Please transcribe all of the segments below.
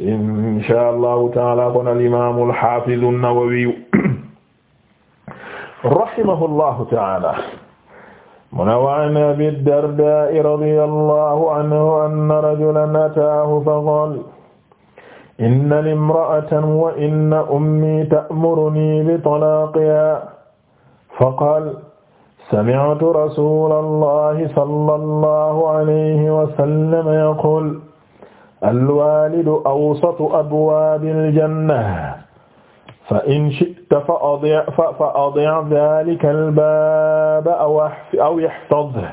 insha allahu taala kon al imaamu al xaafizu an-Nawawi rahimahullahu taala mu ne wa an abi dardaa radiyallahu anhu anna rajulan ataahu fa qaala inna limra'atan wa inna ummi ta'muruni bi talaaqihaa fa qaala sami'tu rasuulallahi sallallahu alayhi wa sallam yaquulu alwalidu awsatu abwaabil janna fa in shi'ta fa adi' fa adi' dhaalika albaaba aw ihtadhhu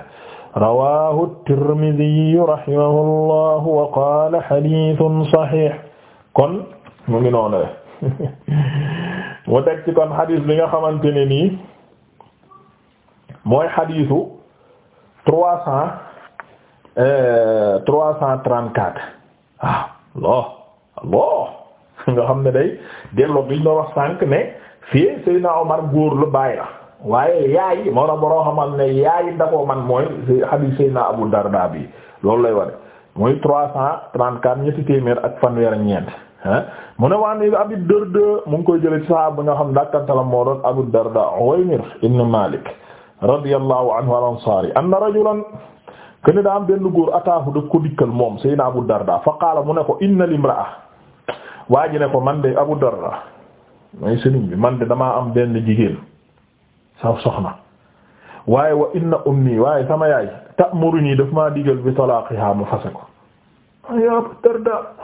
rawaahu at-Tirmidhiyyu rahimahullahu wa qaala hadiithun sahiih kon mu ngi noonu rek mu teg ci kon xadis bi nga xamante ne nii mooy xadisu trois cent euh, trois cent trente-quatre waaw loo loo nga xam ne day delloo bi ñu doon wax sànq ne fii Seydina Omar góor lu bàyyi la waaye yaay moo tax boroo xamal ne yaay da man mooy hadith Seydina Abu Darda bi loolu lay wax mooy trois cent trente-quatre ñetti téeméer ak fanweer ak ñeent ah mu ne waan Abi Darda mu ngi koy jëlee ci sahaaba nga xam ne dakkantalam moo doon Abu Darda Uwaymir ibn Malik radiyallahu anhu al-Ansari anna rajulan kene daa am benn góor ataahu daf ko dikkal moom Seydina Abu Darda fa mu ne ko inna limraa waa ji ne ko man de Abu Darda may sëriñ bi man de damaa am benn jigéen sa soxna waaye wa inna ummi waaye sama yaay ta'muruni daf maa digal bi talaaqiha mu fase ko ya Abu Darda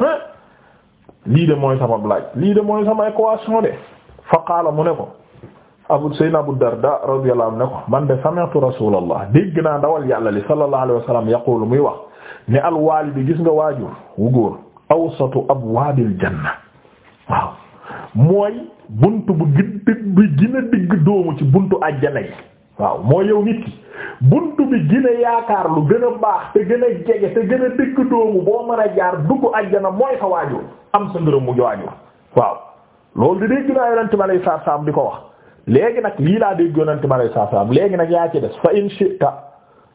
lii de mooy sama blaaj lii de mooy sama équation de fa mu ne ko abu sayyidina abu darda radiyallahu anhu ne ko man de sami'tu rasulallah dégg naa dawal yàlla li sallallahu alayhi wa sallam yaqulu muy wax ne alwaalidu gis nga waajur wu góor awsatu abwaabil janna waaw mooy buntu bu gid bi digg doomu ci buntu àjjana yi waaw mooy yow nit ki buntu bi gën yaakaar lu gën a baax te gën a jege te gën digg doomu boo mën a jaar dugg àjjana mooy sa waajur am sa ngërëm mu waajur waaw loolu di dégg naa yonent bi alayhi salaam di ko wax léegi nag lii laa dégg yonent ma lay saa salaam léegi nag yaa ci des fa in shi'ta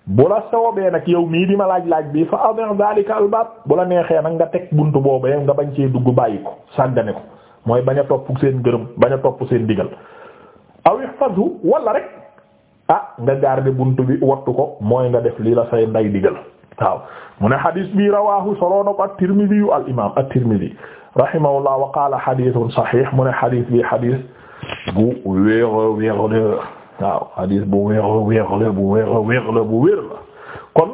bu la soobee nag yow mii di ma laaj laaj bi fa adin zalika al bu la neexee nag nga teg buntu boobu nga bañ cee dugg bàyyi ko sàggane ko mooy baña topp seen gërëm bañ a topp seen digal aw ihfazu wala rek ah nga garder buntu bi wattu ko mooy nga def lii la say nday digal waaw mu ne xadis bi rawahu soloo na ko at-Tirmidhi al imam at-Tirmidhi rahimahullah mu ne xadis bu wéer wéer la waaw hadis bu wéer wéer la bu wéer wéer la bu wéer la kon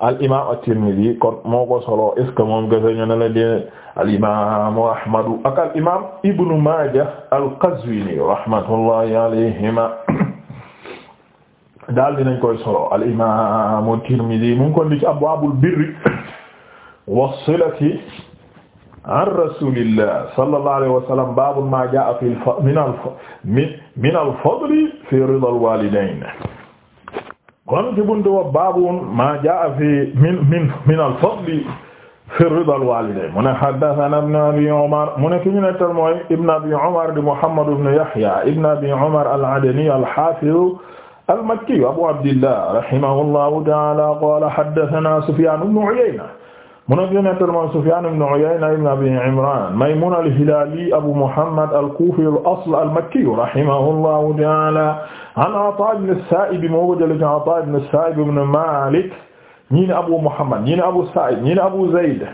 al imaam at-Tirmidhi kon moo ko solo est ce que moom gëstu ñu ne la dee al imaam Ahmad ak al imaam Ibn Majah al-Qazwini rahmatullahi alayhima daal dinañ koy solo al imaam at-Tirmidhi mu ngi ko indi ci abwaabul birri was-silati an rasulillah sallallahu alayhi wa sallam babu ma jaa fi min al min al fadli fi rida al walidayn kon ci buntu wa babu ma jaa fi min min min al fadli fi rida al walidayn mu ne haddathana ibn abi umar mu ne ki ñu nettal mooy ibn abi umar di muhammad ibn yahya ibn abi umar al adani al hafiz al makki abu abdillah rahimahullahu ta'ala qala haddathana sufyan ibn uyayna mu ne ñu nettal mooy Sufyaan ibn Uyayna ibn Abi Imraan Maymuun al-Hilaali Abu Muhammad al-Kuufi al-asl al-Makki rahimahullahu ta'aala an Ataa ibn as-Saa'ib moo ko jëlee ci Ataa ibn as-Saa'ib ibn Maalik ñii ne Abu Muhammad ñii ne Abu Saa'ib ñii ne Abu Zayd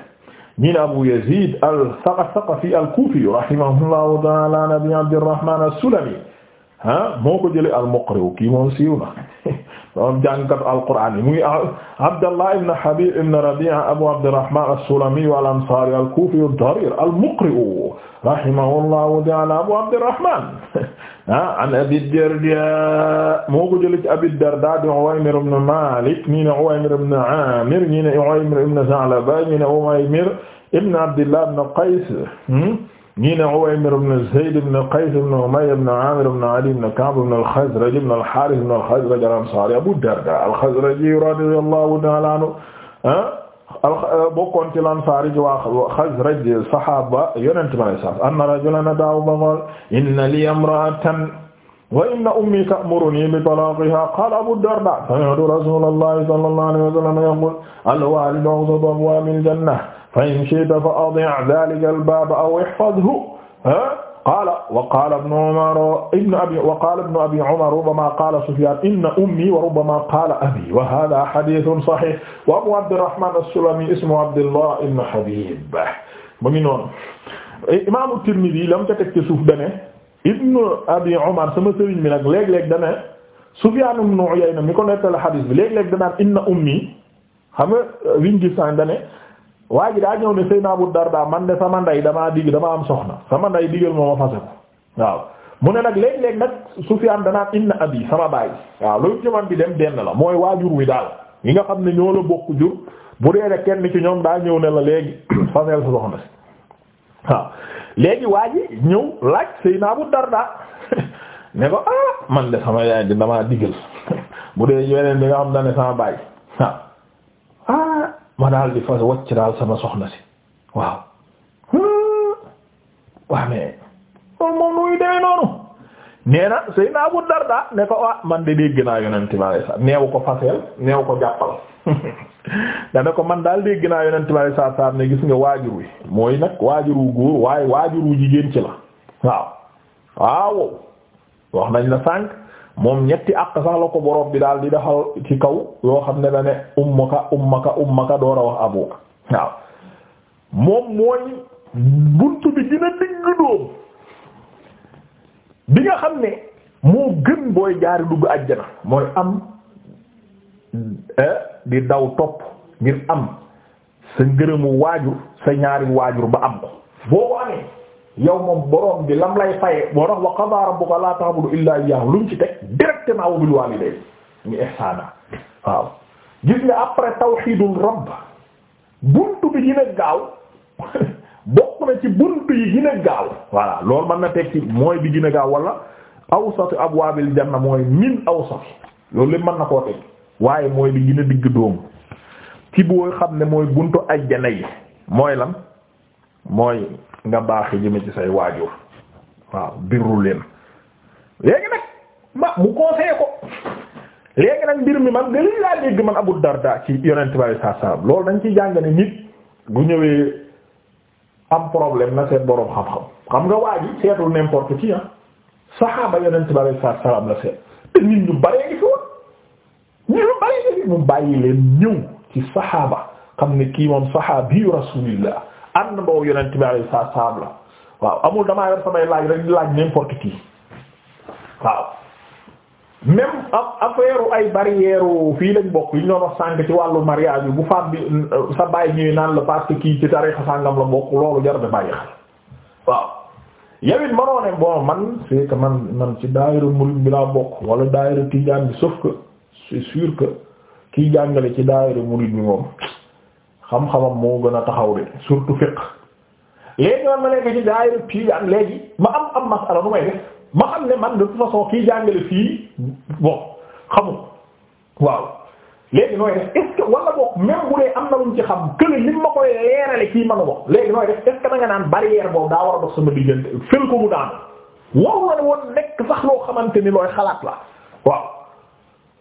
ñii ne Abu Yaziid al-Saqafi al-Kuufi rahimahullahu ta'aala an Abi Abdirrahmaan as-Sulami ah moo ko jëlee al-Muqri kii moom siiw na moom jàngkat alquraan yi mu ngi Abdallah ibn Habib ibn Rabi'a Abu Abdurrahman as-Sulami al-Ansari al-Kufi ad-Darir al-Muqri rahimahullahu ta'ala Abu Abdurrahman ah an Abi Darda moo ko jëlee ci Abi Darda di Uwaymir ibn Malik ñii ne Uwaymir ibn Amir ñii ne Uwaymir ibn Tha'laba ñii ne Uwaymir ibn Abdillah ibn Qays hmm? ñii ne Uwaymir ibn Zayd ibn Qays ibn Umayya ibn Aamir ibn Ali ibn Ka'b ibn al-Khazraj ibn al-Haaris ibn al-Khazraj al-Ansaari Abu Dardaa al-Khazraji radiyallahu ta'aala anhu ah, eh, bokkoon ci Ansaari ji waa Xazraj saxaaba Yonent bi alayhi salaam anna rajulan ataahu faqaala inna lii imra'atan wa inna ummii ta'murunii bi talaaqihaa qaala Abu Dardaa sami'tu rasuulallaahi sallallaahu alayhi wa sallam yaquulu al-waalidu awsatu abwaabil jannah fa in shi'ta fa adhi' dhalika al-baab aw ihfazhu qaala wa qaala ibnu Umar ibnu abi wa qaala ibnu abi Umar rubbamaa qaala Sufyaan inna ummii wa rubbamaa qaala abii wa haadhaa hadiithun sahiih wa Abuu Abdirrahmaan as-Sulamii ismuhu Abdullah ibnu Habiib mu ngi noonu Imaamu Tirmidi la mu ca teg ci suuf dane ibnu abi Umar sama sëriñ bi nag léeg-léeg dane Sufyaan ibnu Uyayna mi ko nettali hadiis bi léeg-léeg danaan inna ummii xam nga liñ gis dane waa ji daa ñëw ne naa Abu Darda man de sama ndey damaa dig damaa am soxna sama ndey digal ma ma fase waaw mu ne nag léeg-léeg nag Sufyaan danaa inna abi sama baay waaw loolu ci man dem benn la mooy waajur wi daal yi xam ne ñoo bokk jur bu dee rek kenn ci ñoom daa ñëw ne la léegi fasel sa soxna si waaw léegi waa ji ñëw laaj Seydina Abu Darda ne ko ah man de sama yaay di damaa digal bu dee yeneen bi nga xam ne sama baay ma daal di fa wàcc daal sama soxna si waaw waaw moom nuy dee noonu nee na Seydina Abu Darda ne ko ah man de dégg naa yonent bi alayhi neew ko faseel neew ko jàppal dane ko man daal dégg naa yonent bi alayhi salaam ne gis nga waajur wi mooy nag waajur wu góor waaye waajur wu jigéen ci la waaw waaw wax nañ la sànq moom ñetti àq sax la ko borom bi daal di defal ci kaw yoo xam ne da ne ummuka ummuka ummuka door a wax abuka waaw moom mooy buntu bi dina digg doom bi nga xam ne moo gën booy jaari dugg àjjana mooy am eh, di daw topp ngir am sa ngërëmu waajur sa ñaari waajur ba am ko boo ko yow moom borom bi lam lay faye boo tax wa qadaa rabbuka laa ta'budu illaa iyyaahu lu mu ci teg directement wa bil waalidayni ihsaana waaw gis nga après tawxiidul rabb buntu bi gën gaaw bokk na ci buntu yi gën gaaw voilà loolu mën na teg ci mooy bi gën a gaaw wala awsatu abwaabil janna mooy min awsat loolu lépp mën na koo teg waaye mooy bi gën a digg dóomu ci booy xam ne mooy buntu ajjana yi mooy lan mooy nga baax jëme ci say waajur waaw birru leen léegi nag ma mu conseillé ko léegi nag mbir mi man nga lii laa dégg man Abu Darda ci yonent bi sallallahu alayhi wasallam loolu dañ ci jàng ni nit bu ñëwee am problème na seet boroom xam-xam xam nga waa ji seetul n'importe qui ah saxaaba yonent bi sallallahu alayhi wasallam seet te nit ñu baree ngi fi woon nit ñu baree ngi fi mu bàyyi leen ñëw ci saxaaba xam ne kii moom saxaabiyu Rasuulillah ànd ndoo yonent bi alayhi salaam la waaw amul damaa yor samay laaj rek laaj n'importe qui waaw même affaire ay barrière fii lañ bokk yi ñu doon ci wàllu mariage bi bu faam bi euh, sa bàyyi ñuy naan la parce kii ci tarixa sàngam la bokk loolu jar na bàyyi xel waaw yow it mënoo ne man c'est que man man ci daayira murid bi laa bokk wala daayira tijaan bi sauf que c'est sûr que kiy jàngale ci daayira murid bi moom xam-xamam moo gën a taxaw de surtout fiqh léegi man ma nekk ci daayira tiijaan léegi ma am am masala nu may def ma xam ne man de toute façon kii jàngale fii bon xamul waaw léegi nooy def est-ce que wala boog am na luñ ci xam que ni ma koy leerale kii mën a wax léegi nooy def est-ce nga naan barrière boobu daa war a dox sama diggante fël ko mu daanu waru la woon nekk sax loo xamante ni looy xalaat la waaw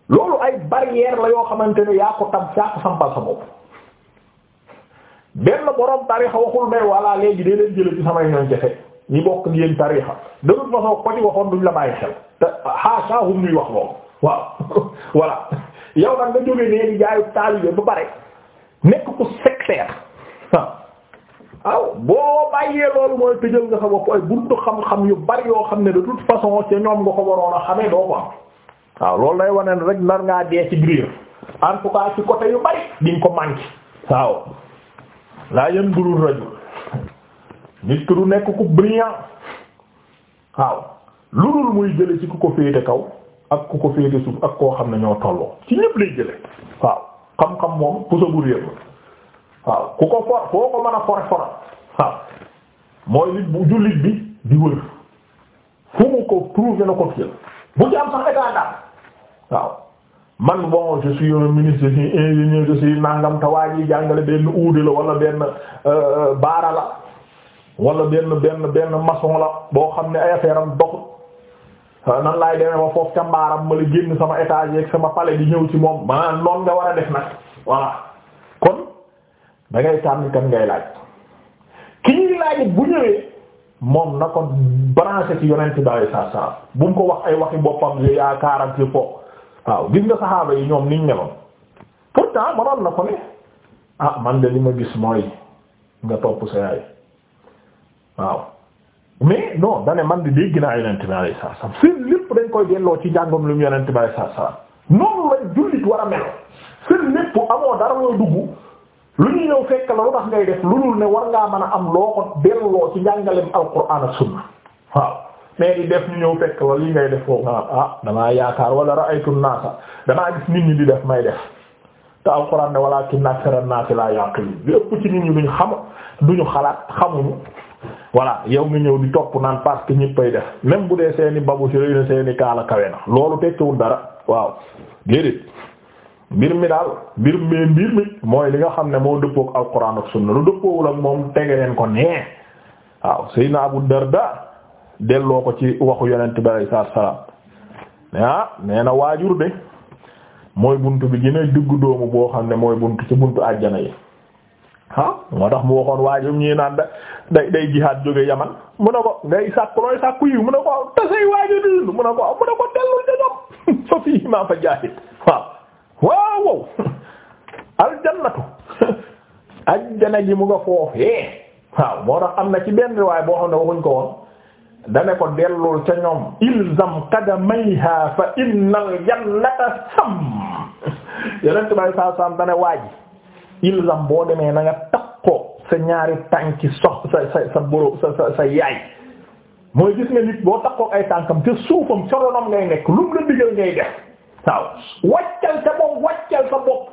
loolu ay barrière la yoo xamante ne yaa ko tam yaa benn borom tarixa waxul ne voilà léegi day leen jëlee ci samay ñoom jafe ñi bokk ci yéen tarixa de façon ko ci waxoon duñ la bàyyi xel te xaasaahum ñuy wax loolu waaw voilà yow nag nga jógee nee di jaayu taalibe ba pare nekk ku sectaire waaw boo bàyyee loolu mooy tëjal nga sa bopp ay buntu xam-xam yu bari yoo xam ne de toute façon ca ñoom nga ko waroon a xamee doo ko am waaw loolu lay wane rek nar ngaa dee ci biir en tout cas ci côté yu bari diñ ko manqué laa yan durul rajul nit ki du nekk ku brillant waaw lu dul muy jële ci ku ko féete kaw ak ku ko féete suuf ak koo xam ne ñoo tolloo ci ñépp lay jële waaw xam-xam moom puso bu réer waaw ku ko for foo ko mën a fore fora waaw mooy nit bu jullit bi di wër fu mu ko trouvé na ko fiir bu ci sax état daal waaw man bon je suis un ministre je suis ingénieur tawaa ji jàngale benn uude la wala benn euh, baara la wala benn benn benn maçon la boo xam ne ay affaire am doxut euh, nan laay demee ba foofu ca ma la génn sama étage yeeg sama palais di ñëw ci moom maanaam noonu nga war a def nag voilà kon da ngay ngay laaj ki ñuy laaj bu ñëwee moom na ko branché ci yonent bi sallallahu bu mu ko wax ay waxi boppam yaa kaaram ci foofu. waaw gis nga saxaaba yi ñoom niñ meloon pourtant manoon na ko ne ah man de li ma gis mooy nga topp sa yaay waaw mais non dane man di dégg naa yonent bi alayhi salaam fi lépp dañ koy delloo ci njàngam lu mu yonent bi alayhi noonu lañ jullit war a melo fi lépp amoo dara loo dugg lu ñu ñëw fekk la lu tax ngay def lu dul ne war ngaa mën a am loo ko delloo ci njàngaleem alquran ak sunna waaw mais def ñu ñëw fekk la li ngay def foofu nga ah damaa yaakaar wala ra'aytu naasa damaa gis nit ñi di def may def te alxuraan ne walaakinna aksara naasi laa yaqiluun li ëpp ci nit ñi duñ xam duñu xalaat xamuñu voilà yow nga ñëw di topp naan parce que ñëppay def même bu dee seeni babu si réy seeni kaala kawe na loolu tekkiwul dara waaw déedéet mbir mi daal mbir mi mbir mi mooy li nga xam ne moo dëppook alxuraan ak sunna lu dëppoowul ak moom tege delloo ko ci waxu yonent bi alayhi salaatu ah nee na waajur de mooy bunt bi gën a doomu boo xam ne mooy bunt ci bunt àjjana yi ah moo tax mu waxoon waajur ñii naan da day day jihaad jóge yaman mu ne ko ngay sàkku looy sàkku yiw mu ne ko tasay waajur di mu ne ko mu ne ko dellul da fa fii maa fa jaahid waaw waaw wow aljannatu àjjana ji mu nga foofee waaw moo tax am na ci benn riwaay boo xam ne waxuñ ko woon dane ko dellul ca ñoom ilzam qadamayha fa innal jannata sam yeneen bay saa sam dane waaji ilzam boo demee na nga sa ñaari tànki sox sa sa sa boro sa sa sa yaay mooy gis nga nit boo takkook ay tànkam te suufam ca ronam ngay nekk lu mu la digal ngay def waaw wàccal bopp wàccal sa bopp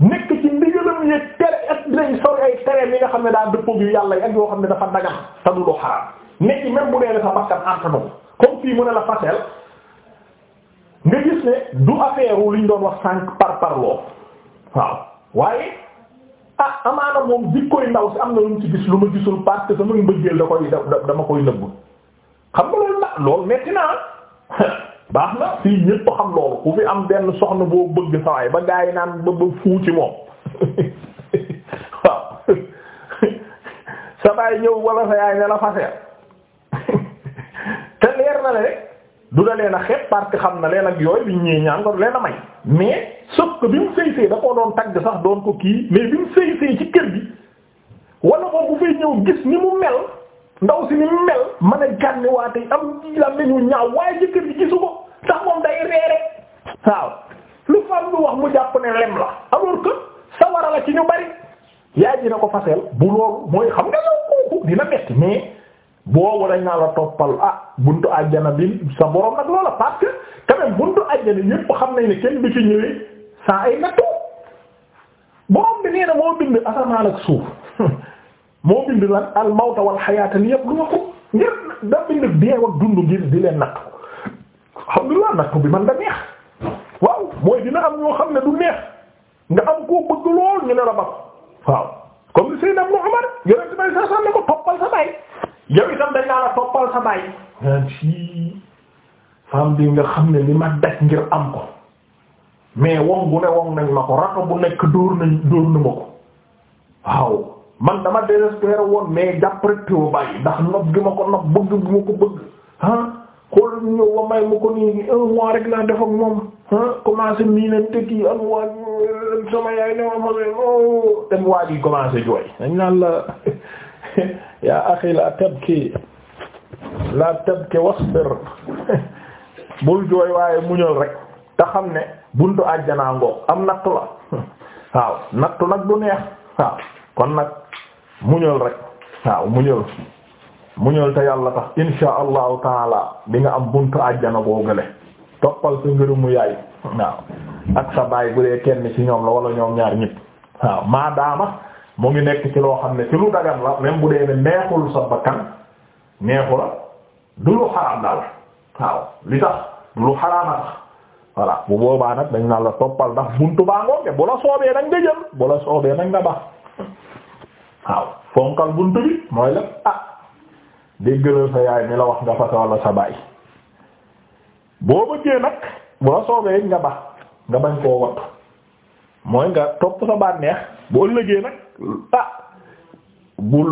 nekk ci ndigalam yëg tere ak dinañ sori ay tere mi nga xam ne daa dëppoog yi ak yoo xam ne dafa dagan ta du lu xaraam nekk même bu dee sa bakkan antanu comme fii mu ne la fasel nga gis ne du affaire wu doon wax sànq par parloo waaw waaye ah amaana moom koy ndaw si am na lu mu ci gis lu ma gisul parce que da dama koy nëbb xam nga loolu la loolu metti naa baax na fii ñépp xam loolu ku fi am benn soxna boo bëgg sawaay ba gaa naan ba fuu ci moom waaw sa baay ñëw wala sa yaay ne la faseel na la rek du da leen a xeeb xam na leen ak yooyu liñ ñëwee ñaan ko du leen a may mais sauf que bi mu sëy sëy da koo doon tagg sax doon ko kii mais bi mu sëy sëy ci kër gi wala moom bu fay ñëw gis ni mu mel ndaw si ni mu mel mën a gànni am la ñu ñaaw waaye jëkkër gi gisu ko ndax moom day reere waaw lu fam lu wax mu jàpp ne lem la alors que sawara la ci ñu bari yaay ji na ko faseel bu loolu mooy xam nga yow kooku dina metti mais boobu a naa la toppal ah buntu àjjana bi sa borom nag loola parce que buntu àjjana ñépp xam nañ ne kenn bi ci ñëwee sans ay nattu borom na moo bind asamaan ak suuf moo bind lan wal xayaata li yabluwakum ngir da bind deew ak dund ngir di leen nattu alhamdulillah nattu bi man da neex waaw mooy dina am ñoo xam ne du neex nga am koo bëgg lool ñu ne la ba waaw comme li Seydina Muhammad yonent bi sallallahu alayhi wasallam ne ko toppal sa baay yow itam dañ laa la toppal sa baay naan sii femme bi nga xam ne li ma daj ngir am ko mais wong bu ne wong nañ ma ko rato bu nekk dóor nañ dóor na ma ko waaw man dama désespéré woon mais jàpp rek teewa bàyyi ndax nob gi ma ko nob bëgg bu ma ko bëgg ah xool ñëw ba may ma ko nii un mois rek laa def moom ah commencé mii nañ te kii ak waa sama yaay ne oh, waa ji commencé jooy dañ naan la yaa axi la tabki la tabki wasbir bul jooy waaye muñal rek te xam ne buntu àjjanaa ngoog am nattu la waaw nattu nag du neex waaw kon nag muñal rek waaw muñal muñal te yàlla tax insha allahu taala di am buntu àjjana boo gële toppal sa ngërëmu yaay waaw ak sa baay bu dee kenn ci ñoom la wala ñoom ñaar ñépp waaw maadaama mu ngi nekk ci loo xam ne ci lu dagan la même bu dee ne neexul sa bakkan neexu la du lu xaraam daal waaw li tax du lu xaraama tax voilà bu boobaa nag dañ naa la toppal ndax buntu baa ngoonte bu la soobee bu la soobee nag nga baax waaw ah la wax nga fase boo bëggee nag bu la soobee nga baax bañ koo wattu mooy nga topp sa bànneex bu ëllëgee nag ah bul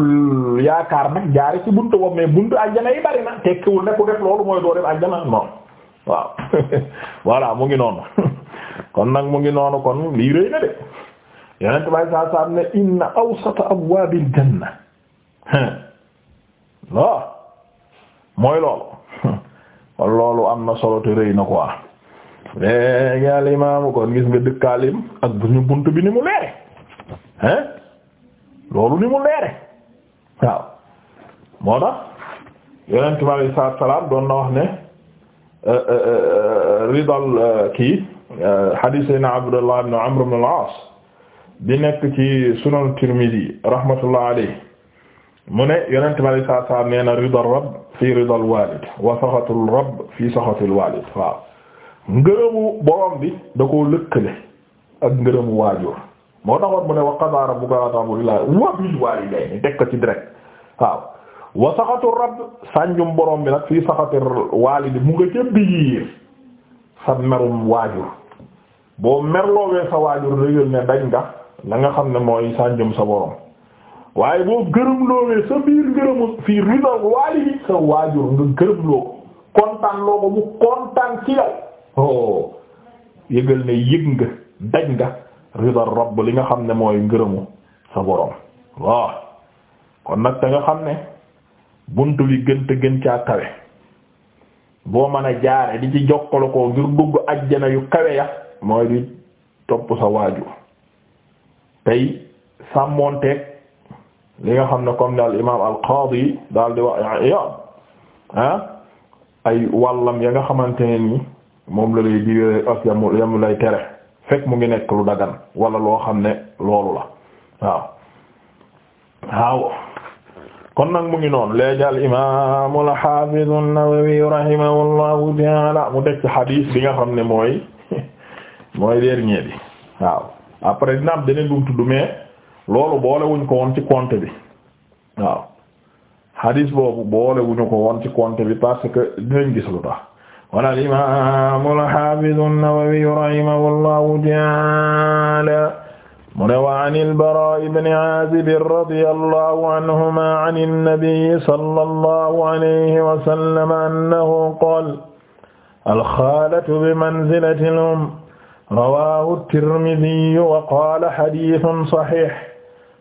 yaakaar nag jaare ci buntu boobu mais buntu àjjana yi bari tekkiwul ne def loolu mooy doo def àjjana non waaw voilà mu ngi noonu kon nag mu ngi noonu kon lii rëy na de yonent bay saa saa ne inna awsata abwaabil janna loo mooy loolu kon loolu am na solo te rëy na quoi léegi al imaamu kon gis nga dëkkaalim ak bu ñu bunt bi ni mu leere hein loolu ni mu leere waaw moo tax yonent bi salaam doon na wax ne euh, euh, euh, ridal kii hadith sayna Abdullah ibn Amr ibn al-As bi nekk ci sunan Tirmidhi rahmatullah alayhi mu ne yonent bi alayhi salaatu salaam nee na ridal rabb fi ridal walid wa sakhatul rabb fi walid waaw ngërëmu borom bi da waajur moo taxoon mu ne wa qadaa rabbuka allaa ta'budu illaa ko ci direct waaw wa saxatu sànjum borom bi nag fii saxati waalidi mu nga ca biir sa merum waajur boo merloowee sa waajur la nga xam ne mooy sànjum sa borom waaye boo gërëmloowee sa waajur nga gërëmloo ko kontaan loo ko mu kontaan ci yow oh. yëg nga dañ nga ridal rabb li nga xam ne mooy ngërëmu sa borom waaw kon nag te nga xam ne bunt bi gën te gën caa kawe boo mën a jaare di ci jokkale ko ngir dugg ajjana yu kawe ya mooy di topp sa waajur tey sàmmoonteeg li nga xam ne comme daal imaam al qaadi daal di wax Iyaad ah, ay wàllam ya nga xamante ne moom la lay diwee ak yam yam lay tere fekk mu ngi nekk lu dagan wala loo xam ne loolu la waaw waaw kon nag mu ngi noonu léegi al imaam al haafiz an-Nawawi rahimahullahu mu teg ci hadith bi nga xam ne mooy mooy dernier bi waaw après dina am beneen bu tudd mais loolu boole wuñ ko woon ci compte bi waaw hadith boobu boole wuñu ko woon ci compte bi parce que dinañ gis lu tax wala al-imaam al-haafiz an-Nawawi rahimahullahu ta'aala mu ne wa an al-Baraa ibn Aazib radiyallahu anhumaa an an-nabiy sallallahu alayhi wa sallam annahu qaala al-khaalatu bi manzilati al-umm rawaahu at-Tirmidhi wa qaala hadiithun sahiih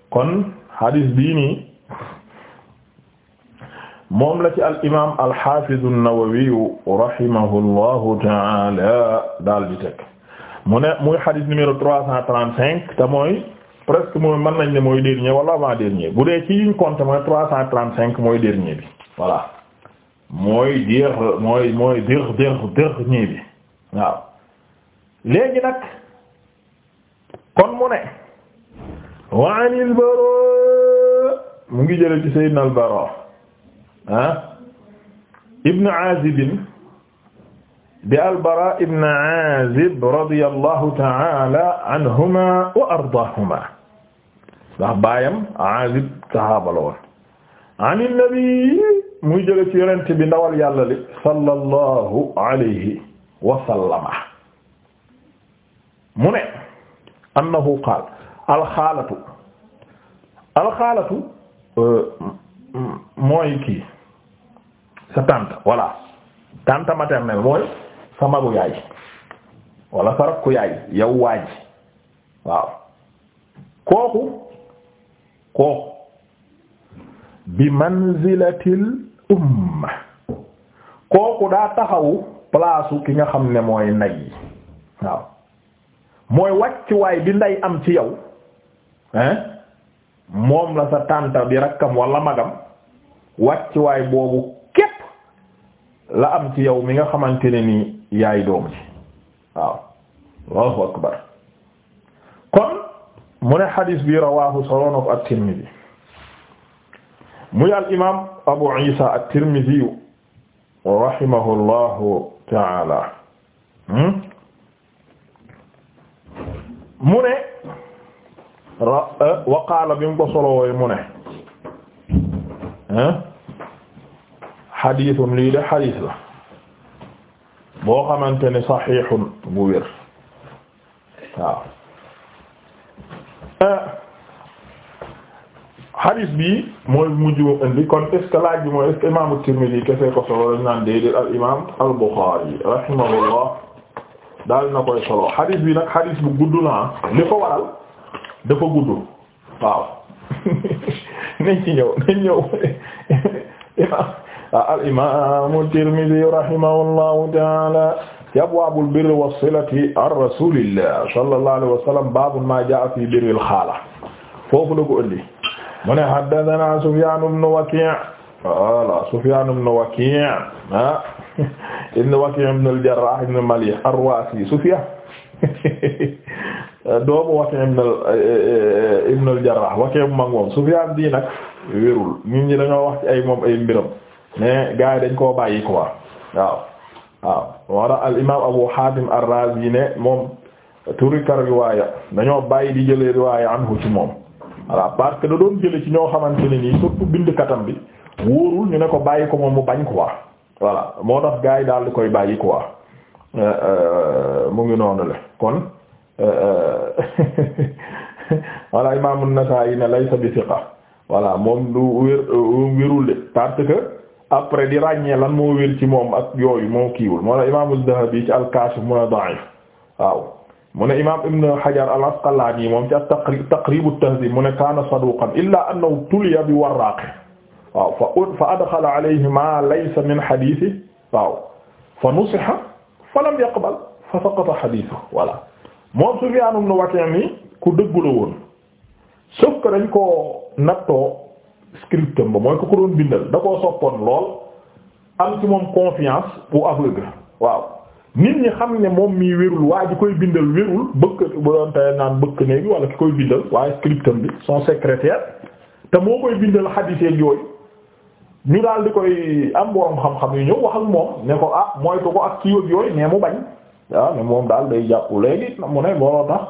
kon hadiis bii nii moom la ci al imaam al xaafiz an-Nawawi rahimahullahu ta'ala daal di teg mu ne muy xadis numéro trois cent trente te mooy presque mooy mën nañ ne mooy dernier wala avant dernier bu dee ci yuñ compte mooy trois cent cinq mooy dernier bi voilà mooy dir mooy mooy dir dir dernier bi waaw léegi nag kon mu ne wa anil mu ngi jële ci Sayyidina al-Bara ah ibn Azib di al-Bara ibn Azib radiyallahu ta'ala anhuma wa ardaahuma ndax baayam Azib sahaaba la woon an nabi muy jële ci yonent bi ndawal yàlla li sallallahu alayhi wa sallama mu ne annahu qaala alxaalatu alxaalatu euh, mooy kii sa tante voilà tante maternelle mooy sa magu yaay wala sa rakku yaay yow waaj waaw kooku kooku bi manzilatil umma kooku daa taxawu palaasu ki nga xam ne mooy nday waaw mooy wàccuwaay bi nday am ci yow hein moom la sa tànta bi rakkam wala magam wàccuwaay boobu képp la am ci yow mi nga xamante ne ni yaay doom ci waaw akbar kon mu ne xadiis bi rawaahu soloon ak at-Tirmidhi muy al imaam Abu Isa at-Tirmidhi rahimahullahu taala mu ne wa qaala bi mu mu ne xadiisun lii de xadiis la boo xamante ni saxiixun bu wér waaw xadiis eh, bi mooy mujj mu indi kon est-ce que laaj bi mooy est-ce que imaamu Tirmidi kese ko solo lañ naan déedéet al imaam al Buxaari rahimahullah daal na koy solo xadiis bi nag xadiis bu gudd la li ko waral dafa gudd waaw nañ ci ñëw nañ ñëw al imaamu Tirmidi rahimahullahu taala ci abwaabul birri wassilati an rasulillah sallallahu alayhi wa sallam baabu maa jaa'a fii birril xaala foofu la ko indi mu ne haddasanaa Sufyaan ibn Wakii' voilà Sufyaan ibn Wakii' ah ibn Wakii' ibn al-Jarraah ibn Maliih ar-Raasi Sufyaan doomu Waki' ibn eh, eh, eh, ibn al-Jarrah Waki' mag moom Sufyaan bii nag wérul nit ñi dañoo wax ci ay moom ay mbiram mais gars yi dañ koo bàyyi quoi waaw waaw wala al imaam Abu Hatim ar-Razi ne moom turi kar riwaaya dañoo bàyyi di jëlee riwaaya anhu ci moom voilà parce da doon jële ci ñoo xamante ni nii bind katam bi wóorul ñu ne ko bàyyi ko moom mu bañ quoi voilà moo tax gars yi daal di koy bàyyi quoi euh, euh, mu ngi noonu la kon Euh, euh, voilà imam an-Nasa'i ne laysa bi thiqa voilà moom du wér euh, wérul de parce que après di ràññee lan moo wér ci moom ak yooyu moo kiiwul moo la imam az-Zahabi ci al-Kashif mu ne da'if waaw mu ne imam Ibn Hajar al-Asqalani moom ci at-Taqrib Taqrib at-Tahdhib mu ne kana saduqan illa annahu tuliya bi warraqi waaw fa fa adkhala alayhi ma laysa min hadithi waaw fa nusiha fa lam yaqbal fa saqata hadithu voilà moom Sufyaan ibn Wakii' mi ku dëggu la woon sauf que dañ koo nattoo scriptum ba mooy ku ko doon bindal da koo soppoon lool am ci moom confiance bu aveugle waaw nit ñi xam ne moom mii wérul waa ji koy bindal wérul bëkk bu doon tey naan bëkk néegi wala ki koy bindal waaye scriptum bi son secrétaire te moo koy bindal xadiseeg yooyu ñu daal di koy am borom xam-xam yu ñëw wax ak moom ne ko ah moytu ko ak kii yooyu mais mu bañ waaw ah ne moom daal day jàpp léegi mu ne moo tax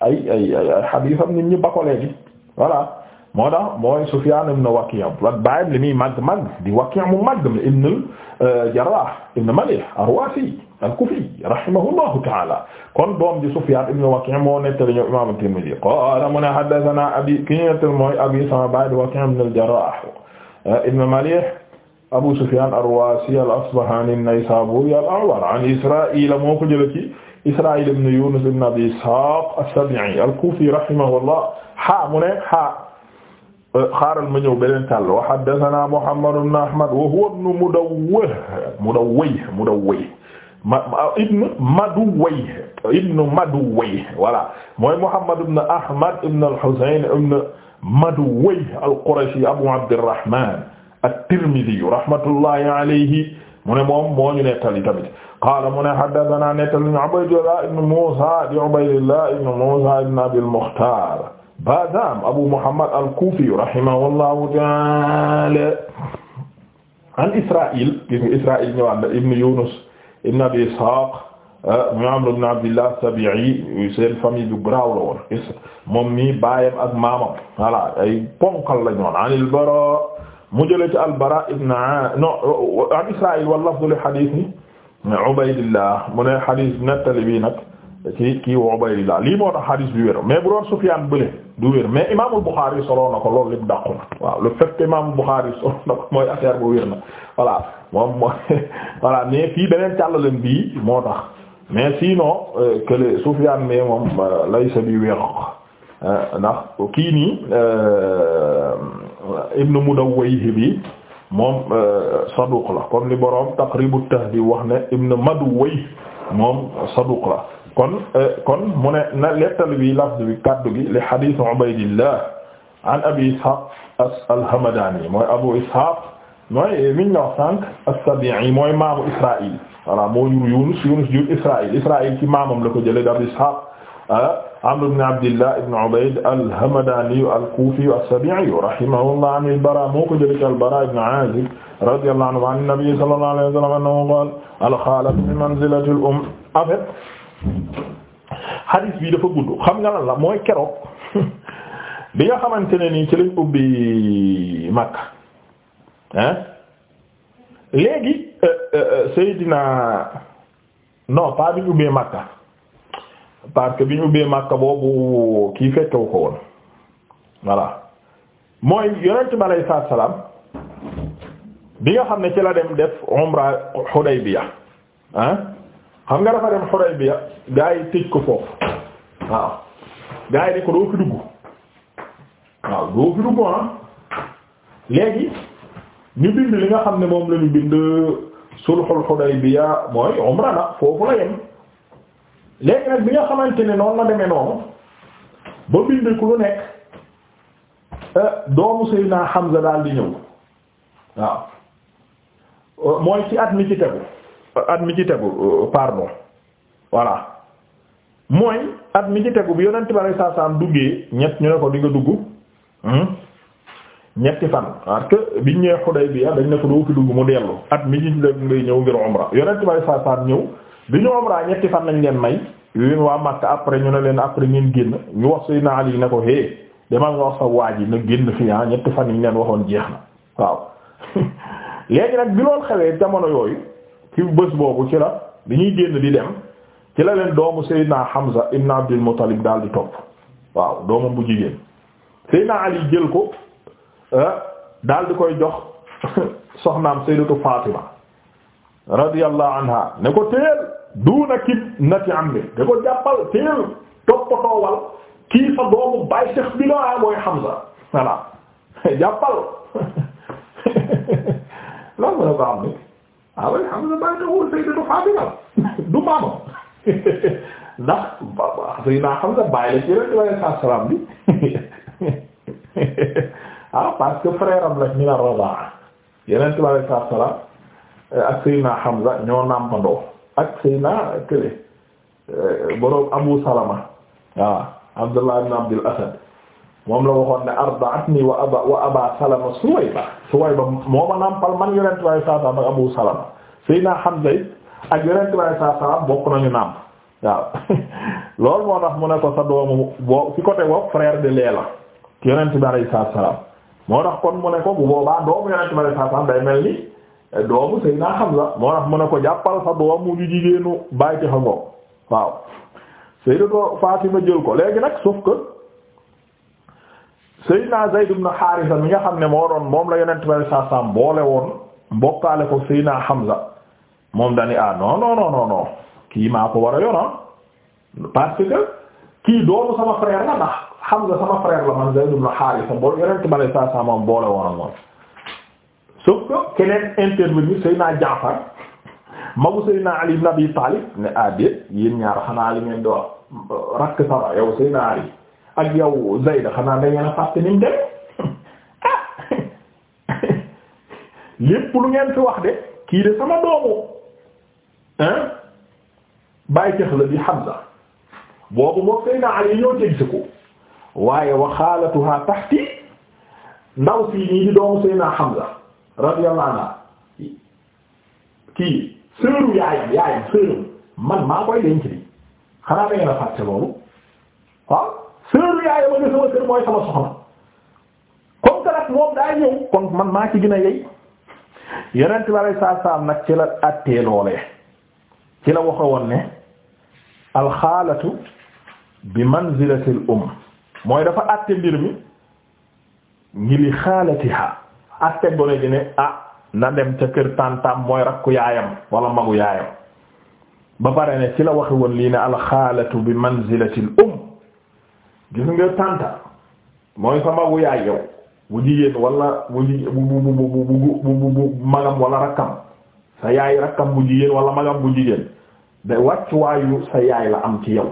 ay ay ay xadiisam nit ñi ba ko léegi voilà moo tax mooy Sufyaan ibn Waki' ak bàyyam li muy màgg màgg di Waki' mu màgg mi ibn al-Jarrah euh, ibn Malih ar-Ru'asi al-Kufi rahimahullahu ta'ala kon doom di Sufyaan ibn Waki' moo nettali ñoom imaam at-Tirmidhi qaala mu ne haddathanaa abi ki ñu nettali mooy abi sama bàyyi di Waki' ibn al-Jarrah ibn Malih Abu Sufyan ar-Ruwasi al-Asbahani an-Naysaburi al-A'war an Isra'il moo ko jëlee ci Isra'il ibn Yunus ibn Abi Ishaq as-Sabi'i al-Kufi rahimahullah ha mu ne ha xaaral ma ñëw beneen tàll wa haddathana Muhammad ibn Ahmad wa huwa ibn Mudawwih Mudawwih Mudawwih ibn Maduwayh ibn Maduwayh voilà mooy Muhammad ibn Ahmad ibn al-Husayn ibn Maduwayh al-Qurashi Abu Abdirrahman at-Tirmidhi rahmatullahi alayhi mu ne moom moo ñu nettali tamit qaala mu ne haddathana nettali Ubaydullah ibn Musa di Ubaydullah ibn Musa ibn Abi al-Mukhtar Badam Abu Muhammad al-Kufi rahimahullahu ta'ala an Israa'il gis nga Israa'il ñëwaat na ibn Yunus ibn Abi Ishaq mu Amr ibn Abdillah as-Sabi'i seen famille bu braaw la woon moom mi baayam ak maamam voilà ay ponkal la ñu woon mu jëlee ci albara ibn no an israil wa lafdu li hadith ni ubaydillah mu ne hadith nettali bi nag ci kii wa ubaydillah lii moo tax bi wér mais bu doon sufyan bële du wér mais imaamul buxaari solo na ko loolu lépp na waaw le fait que na ko mooy affaire bu wér na voilà moom mooy voilà mais fii beneen càllalen bii moo tax mais sinon euh, que le sufyan mais moom euh, laysa bi wér euh, ndax kii nii ibnu Mudawwayh bi moom euh, saduq la comme li boroom Taqribu Tahdhib wax ne ibnu Madwayh moom saduq la kon euh, kon mu ne na lettali bi lafz bi kaddu gi li hadith Ubaydillah an Abi Ishaq al-Hamdani mooy Abu Ishaq mooy miñ la wax sànq as-Sabi'i mooy maamu Israa'il voilà moo jur Yunus Yunus jur Israa'il Israa'il ci maamam la ko jëlee di Ishaq ah, Amr ibn Abdillah ibn Ubayd al-Hamadani al-Kufi as-Sabi'i rahimahullah an al-Bara moo ko jëlee ci al-Bara ibn Azib radiyallahu anhu an an-nabi sallallahu alayhi wa sallam annahu qaala al-khaalatu min manzilati al-umm en fait hadith bi dafa gudd xam nga lan la mooy keroog bi nga xamante ne nii ci lañ ubbi Makka ah léegi euh, euh, euh, Seydina non pas bi ñu ubbee Makka. parce que bi ñu bee Makka boobu kii fekkewu ko woon voilà mooy yonent bi alay bi nga xam ne ci la dem def umra Hudaybiya ah xam nga dafa dem Hudaybiya gaa yi tëj ko foofu waaw gaa yi ne ko doo fi dugg waaw doo fi dugg ah léegi ñu bind li nga xam ne moom la ñu bind sulhul Hudaybiya mooy umra na foofu la yem léegi nag bi nga xamante ne noonu la demee noonu ba bind ku lu nekk euh, doomu xam Hamza daal di ñëw waaw euh, mooy ci at mi ci tegu euh, at mi ci tegu pardon voilà mooy at mi ci tegu bi yonent bi alayhi salaam duggee ñett ñu ne ko di dugg hmm? ñetti fan parce que biñ ñëwee Hudaybiya dañ ne ko doo fi dugg mu dellu at mi ci tegu ngay ñëw ngir umra yonent bi alayhi ñëw. bi ñu umra ñetti fan lañ leen may yooyu waa Makka après ñu ne leen après ngeen génn ñu wax Seydina Ali ne ko hé demal nga wax sa waa yi na génn fii ah ñetti fan yi ñu leen waxoon jeex na waaw léegi nag bi loolu xewee jamono yooyu ci bés boobu ci la bi ñuy génn di dem ci la leen doomu Seydina Hamza ibn Abdul Muttalib daal di topp waaw doomam bu jigéen Seydina Ali jël ko euh, daal di koy jox soxnaam Sayyidatu Fatima radiyallahu anha ne ko teel duuna kib nati am ne da ko jàppal teel toppatoowal kii sa doomu baay Cheikh bi la ah mooy Hamza voilà jàppal lan mooy ko am ne ah oui Hamza baay taxul Sayyidatu Fatima du maama ndax Sayyidina Hamza baay la ci Yonent salaam bi ah parce que frère am la min ar-radaa Yonent bi alayhi salaam eh, ak Sayyidina Hamza ak Seyna kële euh, borom Abu Salama waaw Abdullah ibn Abdul Asad moom la waxoon ne arda'atni wa aba wa aba Salama Suwayba Suwayba moo ma nampal man yonent bi saa saa ak Abu Salama Seyna Hamza it ak yonent bi saa saa bokk nañu namp waaw loolu moo tax mu ne ko sa doomu boo ci côté boobu de lait la yonent bi saa saa moo tax kon mu ne ko bu boobaa doomu yonent bi saa saa day mel ni. Eh, doomu Seydina Hamza moo tax mu ne ko jàppal sa doom mu ju jigéenu bàyyi ci xangoo waaw Sayyidatu ma jël ko léegi nag sauf que Seydina Zayd ibn Haarisa mi nga xam ne moo doon moom la yonent bi saa saam boole woon mbokkaale ko Seydina Hamza moom dañuy ah non non non non kii maa ko war a yor ah. parce que kii doomu sama frère la ndax Hamza sama frère la man Zayd ibn Haarisa boole yonent bi saa saam moom boole woon ak moom. sauf que keneen intervenir Seydina Jaafar magu Seydina Ali ibn Abi Talib ne addéet ah, yéen ñaar xanaa la ngeen di rakk sama yow Seydina Ali ak yow Zayd xanaa da ngeen a fàtte ni mu dem ah lépp lu ngeen fi wax de kii de sama doomu hein bàyyi ceex la bi Hamza boobu moom Seydina Ali ñoo teg si ko waaye waxaalatuha tahti ndaw si nii di doomu Seydina Hamza radiyallahu anha kii sëru yaayam yaayam sëru man maa koy denc di xanaa da ngeen a fàtte loolu sëru yaayam a nga sama kër mooy sama soxna comme que nag moom daa ñëw kon man maa ci gën a yey yonent bi alay saa saam nag ci la àttee loolee ci la waxe ne alxaalatu bi manzilatil um mooy dafa àtte mbir mi ngi li xaalatiha ak te gone gi ne ah na dem ca kër tantam mooy rakku yaayam wala magu yaayam ba pare ne ci la waxi woon lii ne alxaalatu bi manzilati al um gis nga mooy sa magu yaay yow bu jigéen wala bu bu bu bu magam wala rakkam sa yaay rakkam bu jigéen wala magam bu jigéen da wàccuwaayu sa yaay la am ci yow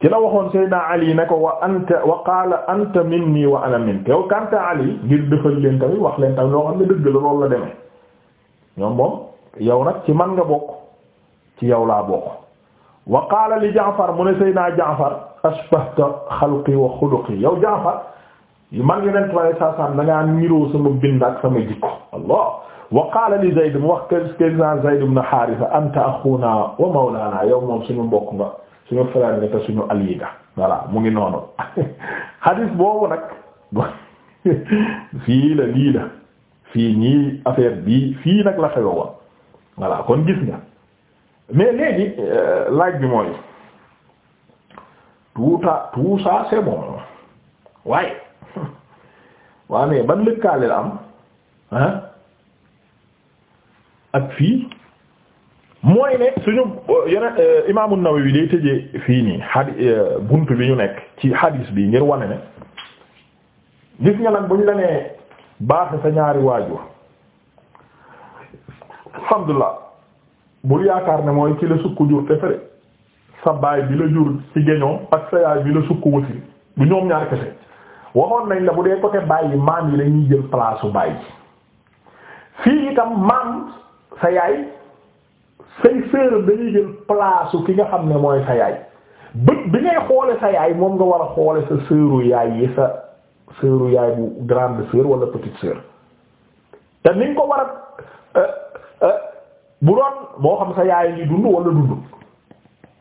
ci la waxoon Seydina Ali ne ko wa anta wa qaala anta minni wa ana minka yow kanta Ali ngir dëfal leen tamit wax leen tamit loo xam ne dëgg la loolu la demee ñoom moom yow nag ci man nga bokk ci yow laa bokk wa qaala li Jaafar mu ne Seydina Jaafar ashbahta xalqi wa xuluqi yow Jaafar man yonent bi alayhi salaam da ngaa niroo sama bind ak sama jikko Allah wa qaala li Zayd mu wax kër kër Zayd ibn Haarisa anta axuuna wa mawlaana yow moom suñu mbokk nga suñu frère nga te suñu allié nga mu ngi noonu hadis boobu nag fii la lii la fii nii affaire bii fii nag la xewe woon kon gis nga mais léegi euh, laaj bi mooy tout ça tout waaye waaw mais ban lëkkaale la am ah ak fii mooy ne suñu euh, yeneen euh, imaamu Nawawi day tëjee fii nii xadi euh, bunt bi ñu nekk ci hadis bi ngir wane ne gis nga nag bu ñu la nee baaxe sa ñaari waajur alhamdulilah bul yaakaar ne mooy ki la sukk jur te fere sa baay bi la jur ci géñoo ak sa yaay bi la sukk wasi bu ñoom ñaar kese waxoon nañ la bu dee côté baay yi maam yi dañuy jël place baay fii itam maam sa yaay say séeram dañuy jël place ki nga xam ne mooy sa yaay bët bi ngay xoole sa yaay moom nga war a xoole sa séeru yaay yi sa séeru yaay bu grande sœur wala petite sœur te ni ko war a euh, euh, bu doon moo xam sa yaay ngi dund walla dundul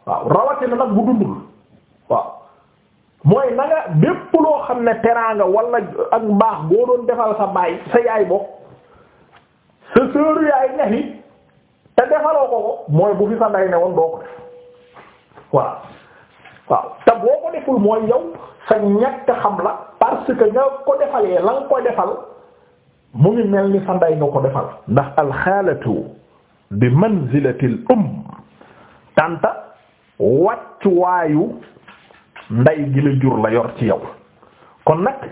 waaw rawatina nag bu dundul waaw mooy na bépp loo xam ne teraanga wala ak mbaax ngoo doon defal sa baay sa yaay bokk sa séeru yaay nga te defaloo ko ko mooy bu fi sa nday ne woon doo ko def waaw te boo ko deful mooy yow sa ñàkk xam la parce que nga ko defalee la nga ko defal mu ngi mel ni sa nday nga ko defal ndax alxaalatu bi manzilatil um tanta wàccuwaayu ndey gi la jur la yor ci yow kon nag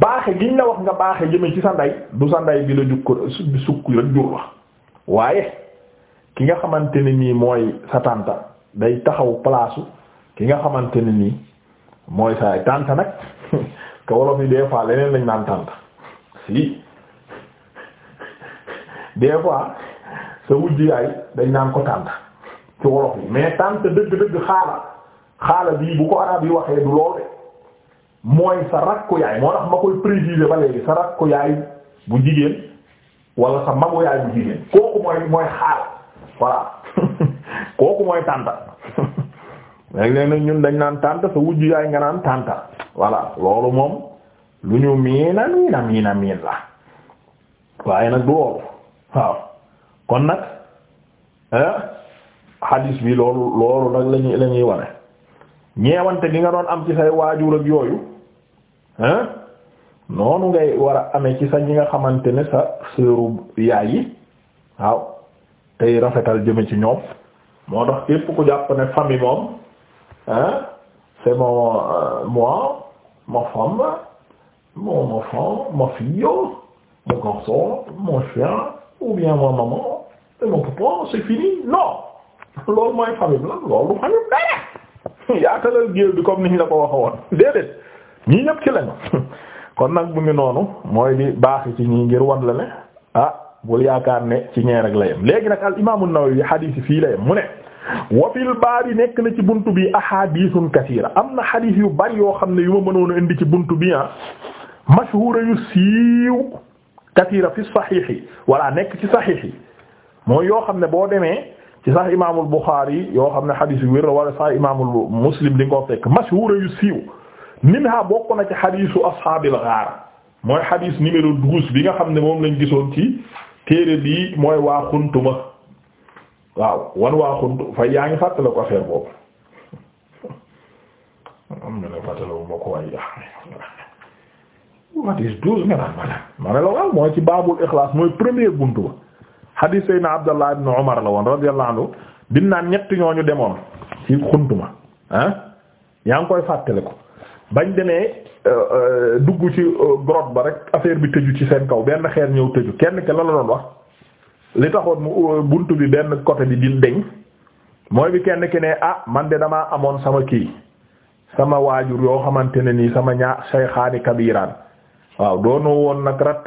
baaxe giñ la wax nga baaxe jëme ci sa nday du sa nday bi la jukk sukk rek jur la waaye ki nga xamante ne nii mooy sa tànta day taxaw palaasu ki nga xamante ne nii mooy saay tànta nag te wolof yi des leneen lañ naan tànta si des fois sa wujj yaay dañ naan ko tànta ci wolof yi mais tànta dëgg-dëgg xaala xaala bii bu ko arab yi waxee du loolu mooy sa rakku yaay moo tax ma koy préciser ba léegi sa rakku yaay bu jigéen wala sa magu yaay bu jigéen kooku mooy mooy xaal voilà kooku mooy tànta léegi léeg nag ñun dañ naan tànta sa wujju yaay nga naan tànta voilà loolu moom lu ñu miina miina miina waaye nag du loolu waaw kon nag hadis bi loolu loolu nag lañuy lañuy wane ñeewante gi nga doon am ci say waajur ak yooyu hein noonu ngay war a amee ci sa ñi nga xamante ne sa seeru yaay yi waaw tey rafetal jëme ci ñoom moo tax képp ku jàpp ne famille moom hein c'est mon euh, moi ma femme mon enfant ma fille mon garçon mon chien ou bien ma maman et mon papa c'est fini non loolu mooy famille la loolu du famille dara yaatalal géew bi comme niñ la ko waxoon déedéet ñii ñëpp ci lañu kon nag mu ngi noonu mooy li baax ci ñii ngir wan la ne ah bul yaakaar ne ci ñee rek la yem léegi nag al imaamu Nawawi xadiis fii la mu ne wa fil baabi nekk na ci buntu bi ahadiisun kasiira am na xadiis yu bari yoo xam ne yu ma mënoon a indi ci buntu bi ah mashhuura yu siiw kasiira fi saxiix yi walla nekk ci saxiix mooy yoo xam ne boo demee ci sax imaamul Buxaari yoo xam ne xadiis yu wér la wala sax imaamul Muslim di nga ko fekk mashhuura yu siiw. minha bokk na ci xadiisu ashaabil ghaar mooy xadiis numéro douze bi nga xam ne moom lañ gisoon ci téere bii mooy waa xuntuma waaw wan waa xuntu fay yaa ngi fàttale ko affaire boobu am ma ne la mooy ci baabul ixlaas mooy première buntu ba xadiis sayna Abdallah ibn Umar la woon radiyallahu anhu bi naan ñett ñooñu demoon ci xuntuma ah yaa ngi koy fàttale ko bañ demee euh, euh, dugg ci euh, grotte ba rek affaire bi tëju ci seen kaw benn xeer ñëw tëju kenn ke la la doon wax li taxoon mu bunt bi benn côté bi di deñ mooy bi kenn ki ne ah man de damaa amoon sama kii sama waajur yoo xamante ne nii sama ñaar sayxaani kabiraan waaw doonoo woon nag ratt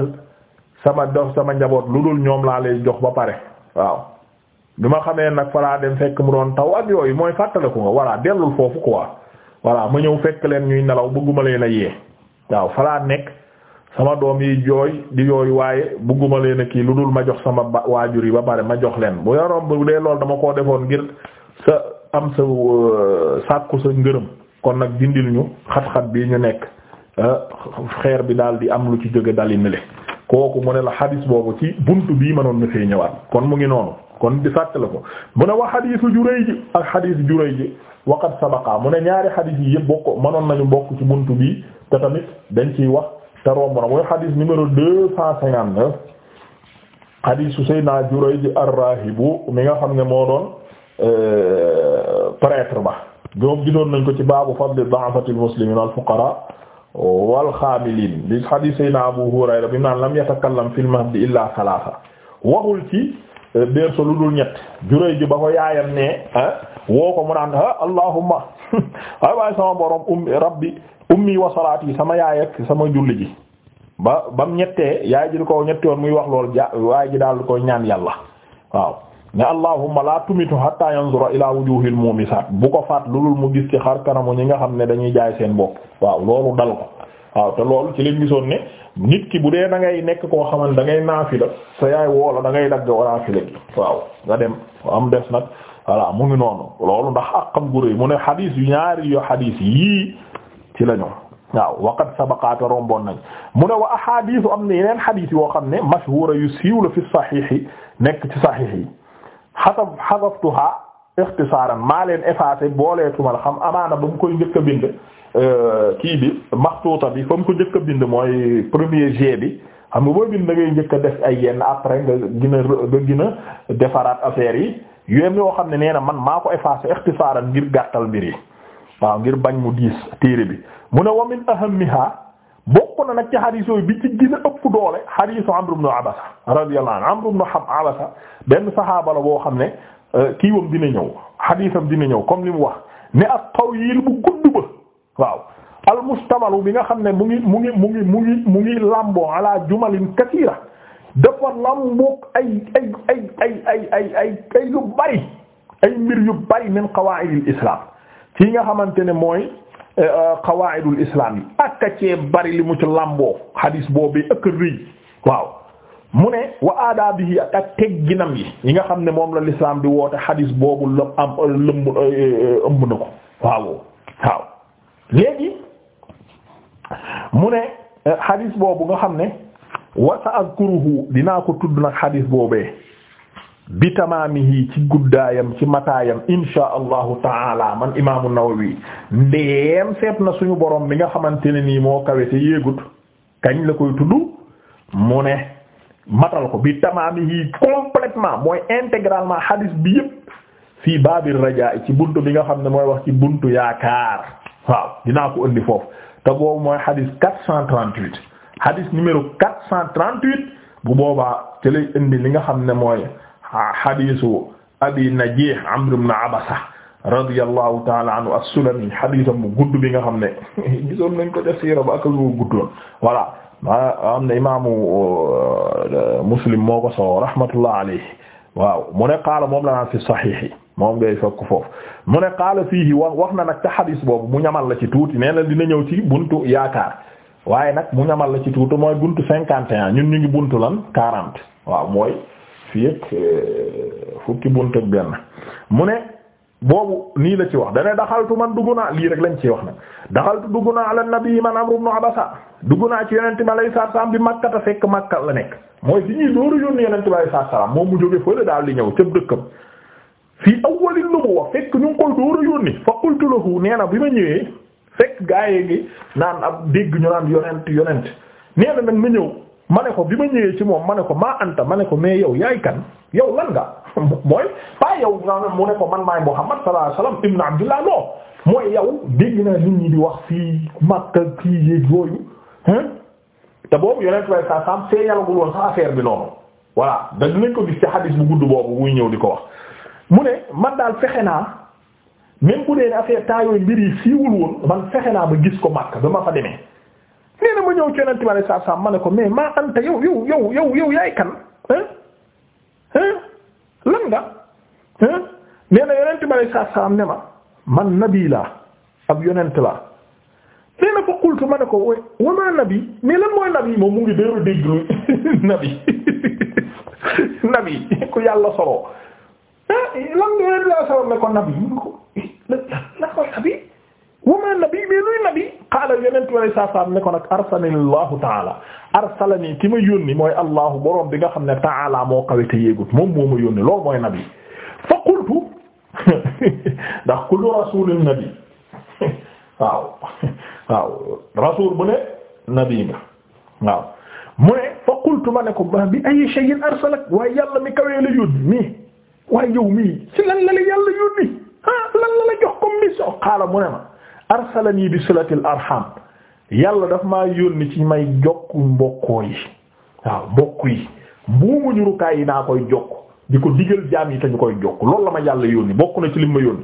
sama dox sama njaboot lu dul ñoom laa lay jox ba pare waaw bi ma xamee nag fa laa dem fekk mu doon taw ak yooyu mooy fàttaliku nga voilà dellul foofu quoi. voilà ma ñëw fekk leen ñuy nelaw bëgguma leen a yee waaw falaa nekk sama doom yi jooy di yooyu waaye bëgguma leen a kii lu dul ma jox sama waajur yi ba pare ma jox leen bu yaroon bu dee loolu dama koo defoon ngir sa am sa euh, sàkku sa ngërëm kon nag dindil ñu xat-xat bii ñu nekk euh, xeer bi daal di am lu ci jóge dali nile kooku mu ne la xadis boobu ci bunt bii mënoon na fee ñëwaat kon mu ngi noonu kon di fàttali ko mu ne wa xadiisu Jurayj ak xadiisu Jurayj waqad sabaqa mu ne ñaari xadiis yi yëpp bokk mënoon nañu bokk ci buntu bi te dañ ciy wax te romb na mooy xadiis numéro deux cent cinquante neuf xadiisu Seydina Jurayj ar-Raahibu mi nga xam ne moo doon euh, prêtre ba ñoom gisoon nañ ko ci baabu fadli da'fatil muslimiin wal fuqaraa wal xaamiliin bi xadiis Seydina Abu Hurayra bi naan lam yatakallam fil mahdi illaa salaasa waxul ci déer sa lu dul ñett juróoy ji ba ko yaayam ne ah, woo ko mu naan ah allahumma waay waaye sama borom ummi rabbi ummi wa salaati sama yaay ak sama julli ji ba bam ñettee yaay ji di ko ñetti yoon muy wax lool ja waaye ji daal ko ñaan yàlla waaw ne allahumma la tumitu hatta yanzura ila wujuhil mumisaat bu ko faat lulul mu gis ci xar kanamu ñi nga xam ne dañuy jaay seen bopp waaw loolu dal ko waaw te loolu ci lañ gisoon ne nit ki bu dee da ngay nekk koo xamante da ngay naafila sa yaay woola da ngay dagg naafila gi waaw nga dem am des nag voilà mu ngi noonu loolu ndax àqam gu rëy mu ne xadiis yu ñaari yo xadiis yii ci la ñu waaw waqat sabaqaata romboon nañ mu ne wa ahadisu am na yeneen xadiis yoo xam ne mashhuura yu siiw la fi saxiix yi nekk ci saxiix yi xasab xasabtuha ixtisaaran maa leen effacé booleetumal xam amaana ba mu koy njëkk a bind euh, kii bi maxtuuta bi fa mu ko njëkk a bind mooy premier jet bi xam nga booy bind da njëkk def ay yenn nga gën a nga gën defaraat affaire yi yéen yoo xam ne nee man maa ko effacé ixtisaaran ngir gàttal mbir yi waaw ngir bañ mu diis téere bi mu ne wa min bokk na nag ci xadiis bi ci gën a ëpp doole xadiisu Amr ibn Abasa radiyallahu anhu Amr ibn Abasa benn saxaaba la boo xam ne Euh, kiiwam dina ñëw xadiisam dina ñëw comme li mu wax ne at-tawiil bu gudd ba waaw almustamalu bi nga xam ne mu ngi mu ngi mu ngi mu ngi mu ngi lamboo ala jumalin kasiira dafa lamboo ay ay ay ay ay ay ay ay yu bari ay mbir yu bari min qawaa'idil islaam ci nga xamante ne mooy euh, euh, qawaa'idul islaam yi ak cee bari li mu ci lamboo xadiis boobu ak rëy waaw. mu ne wa aadaabihi ak ak tegginam yi yi nga xam ne moom la lislaam di woote xadiis boobu lëm am lëmb eh, eh, ëmb na ko waaw waaw léegi mu ne eh, xadiis boobu nga xam ne wa sa azkuruhu dinaa ko tudd nag xadiis boobee bi tamaamihi ci guddaayam ci mataayam insha allahu taala man imaamu Nawawi ndeem seet na suñu borom bi nga xamante ne nii moo kawe te yéegut kañ la koy tudd mu ne matal ko bi tamaamihi complètement mooy intégralement hadith bi yëpp fii baabi rajaa ci buntu bi nga xam ne mooy wax ci buntu yaakaar waaw dinaa ko indi foofu te boobu mooy hadith 438 hadith numéro 438 bu boobaa ci lay indi li nga xam ne mooy hadithu abi najih amr ibn abasa radiyallahu taala anhu as-sulami haditham bu gudd bi nga xam ne gisoon nañ ko def siira ba ak lu guddoon voilà maa am na imaamu euh, muslim moo ko solo rahmatullah alayhi waaw mu ne xaala moom la naan fi saxiix yi moom ngay fekk foofu mu ne qaala fii wax wax na nag ca xadis boobu mu ñamal la ci tuuti nee na dina ñëw ci buntu yaakaar waaye nag mu ñamal la ci tuuti mooy buntu cinquante et ñun ñu ngi buntu lan quarante waaw mooy fii ak euh, fukki buntu ak benn mu ne boobu nii la ci wax dane daxaltu man dugg naa lii rek lañ ciy wax nag daxaltu dugg naa ala nabi man amru ibn dugg naa ci yonent bi alayhi salaam bi Makka ta fekk Makka la nekk mooy fi ñuy dooru yónni yonent bi alayhi salaam moom mu jóge fële daal di ñëw ca dëkkam fii awwalil nubuwwa fekk ñu ngi koy dooru yónni fa qultu nee na bi ma ñëwee fekk gaayee ngi naan ab dégg ñu naan yonent yonent nag ma ma ne ko bi ma ñëwee ci moom ma ne ko maa anta ma ne ko mais yow yaay kan yow lan nga mooy pas yow nga mu ne ko man maay Muhammad sallallahu alayhi wasallam ibn Abdullah non mooy yow dégg naa nit ñi di wax fii Makka kii yéeg yooyu Hmm? te boobu yonent way sa sam feeñalagul woon sax affaire bi noonu voilà da dinañ ko gis ci xadis bu gudd boobu muy ñëw di ko wax mu ne man daal fexe naa même bu dee ne affaire temps yooyu mbir yi siiwul woon man fexe naa ba gis ko Makka ba ma fa demee nee na ma ñëw ci yonent bi saa sam ma ne ko mais maa anta yow yow yow yow yow yaay kan hmm? Hmm? lan nga nee na yonent bi saa sam ne ma man nabi laa ab yonent laa nee na fa ma ne ko wa wamaa nabi mais lan mooy nabi moom mu ngi déeru déglu nabi nabi ku yàlla soloo ah lan nga la solo ne ko nabi mu ko eh, lan mooy nabi nabi mais luy nabi qaala yeneen tuway saasaam ne ko nag arsalani allahu taala arsalani ki ma yónni mooy allahu boroom bi nga xam ne taala moo kawe te moom moo ma yónni loolu mooy nabi fa qultu ndax kullu rasulin nabi waaw waaw rasul bu ne nabi nga waaw mu ne fa qultu ma ne ko ba bi ay shay'in arsalak waaye yàlla mi kawee la yónni mii waaye yow mii si lan la la yàlla yónni ah lan la la jox comme mission qaala mu ne ma arsalanii bi silatil arham yàlla daf maa yónni ci may jokk mbokkoo yi waaw mbokk yi buumu jurukaay yi naa koy jokk di ko digal jaam yi te ñu koy jokk lool la ma yàlla yónni bokku na ci lim ma yónni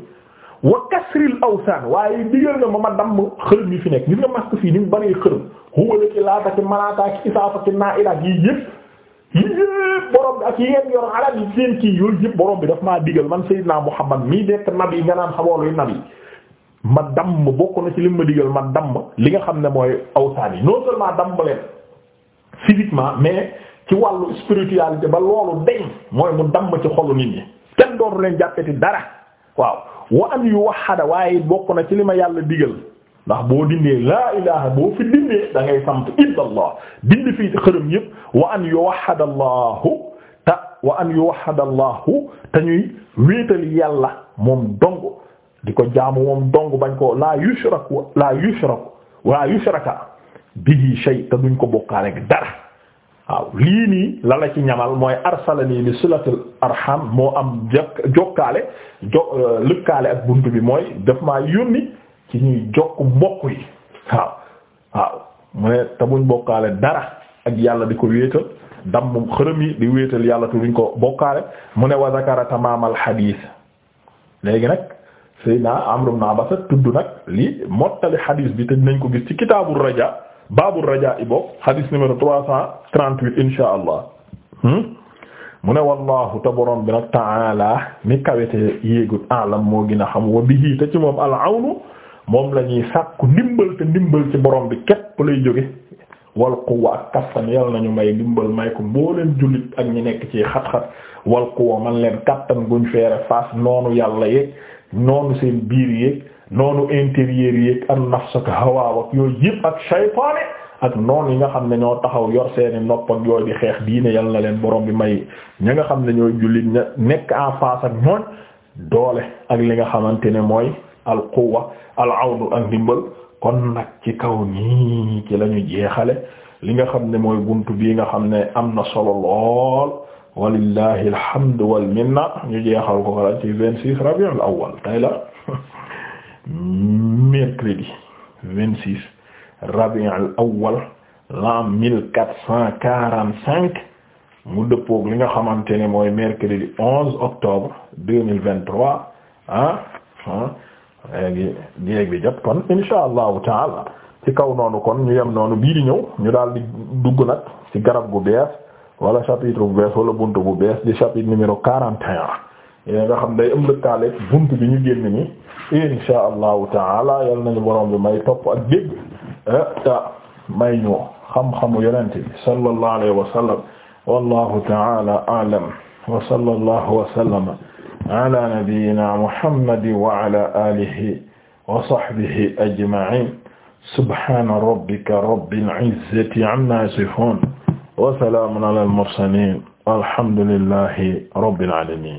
wa kasril awsaan waaye digal nga ma ma damm xërëm yi fi nekk gis nga masque fii ni mu bëree xërëm huwale ki laata ki malaata ki isaafa ki naa ila yi yëpp yëpp borom bi ak yeen yor alal yi seen kii yooyu yëpp borom bi daf maa digal man Seydina Muhammad mii nekk nabi nga naan xabooluy nabi ma damm bokk na ci li ma digal ma damm li nga xam ne mooy awsaan yi non seulement damm leen physiquement mais ci wàllu spiritualité ba loolu deñ mooy mu damm ci xolu nit ñi kenn waaw wa an yuwahhada waaye bokk na ci li ma yàlla digal ndax boo dindee laa ilaha boo fi dindee da ngay sant illallah dindi fii xërëm yëpp wa an yuwahhada allahu te wa an yuwahhada allahu te ñuy wéetal yàlla moom dong di ko jaamu moom dong bañ ko laa yushraku laa yushraku laa yushraka bihi shay te duñ ko bokkaale dara waaw lii nii la ci ñamal mooy arsalani li silatul arham moo am jokkaale jo euh, lëkkaale ak bunt bi mooy daf maa yónni ci ñuy jokk mbokk yi waaw waaw mu ne te bokkaale dara ak yàlla di ko wéetal damm xërëm yi di wéetal yàlla te duñ ko bokkaale mu ne wa tamaamal xadiis léegi nag Seydina Amru ibn Abasa tudd nag lii mottali xadiis bi te nañ ko gis ci kitaabul raja baabul rajaa i bokk hadith numéro trois cent trente-huit insha allah hmm? mu ne wallahu te borom bi nag ta'ala ni kawete yéegul alam moo gin a xam wa bihi te ci moom al awnu moom lañuy ñuy sàkku ndimbal te ndimbal ci borom bi képp lay jóge wal quwwa ak kattan yal nañu may ndimbal may ko mbooleen jullit ak ñi nekk ci xat-xat wal quwwa man leen kattan guñ feere face noonu yàlla yeeg noonu seen biir yeeg noonu intérieur yi am nafs ak hawa ak yooyu yëpp ak shaytaane ak noon yi nga xam ne ñoo taxaw yor seeni nopp ak yooyu di xeex diine yal na leen borom bi may ña nga xam ne ñooy jullit ña nekk en face ak ñooñ doole ak li nga xamante ne mooy al quwwa al awdu ak ndimbal kon nag ci kaw nii ci lañu jeexale li nga xam ne mooy buntu bii nga xam ne am na solo lool walillahi alhamdu wal minna ñu jeexal ko ci vingt-six rabiul awwal tay la mercredi 26 rabi' al awwal l'an cinq mu dëppook li nga xamante ni mooy mercredi 11 octobre 2023 ah ah léegi léegi bi jot kon insha allahu taala ci kaw noonu kon ñu yem noonu bii di ñëw ñu daal di dugg nag ci garab gu bees wala chapitre bu bees wala buntu bu bees di chapitre numéro 41. yéen nga xam day am lëkkaaleeg buntu bi ñu génn ni insha allahu taala yal nañu borom bi may topp ak dégg eh, te may ñu xam-xamu yonent bi sallallahu alayhi wa sallam wallahu taala a'lam wa sallallahu wa sallama ala nabiyyina muhammadin wa ala alihi wa sahbihi ajma'in subhana rabbika rabbil izzati amma yasifun wa salamun ala al mursalin walhamdulillahi rabbil alamin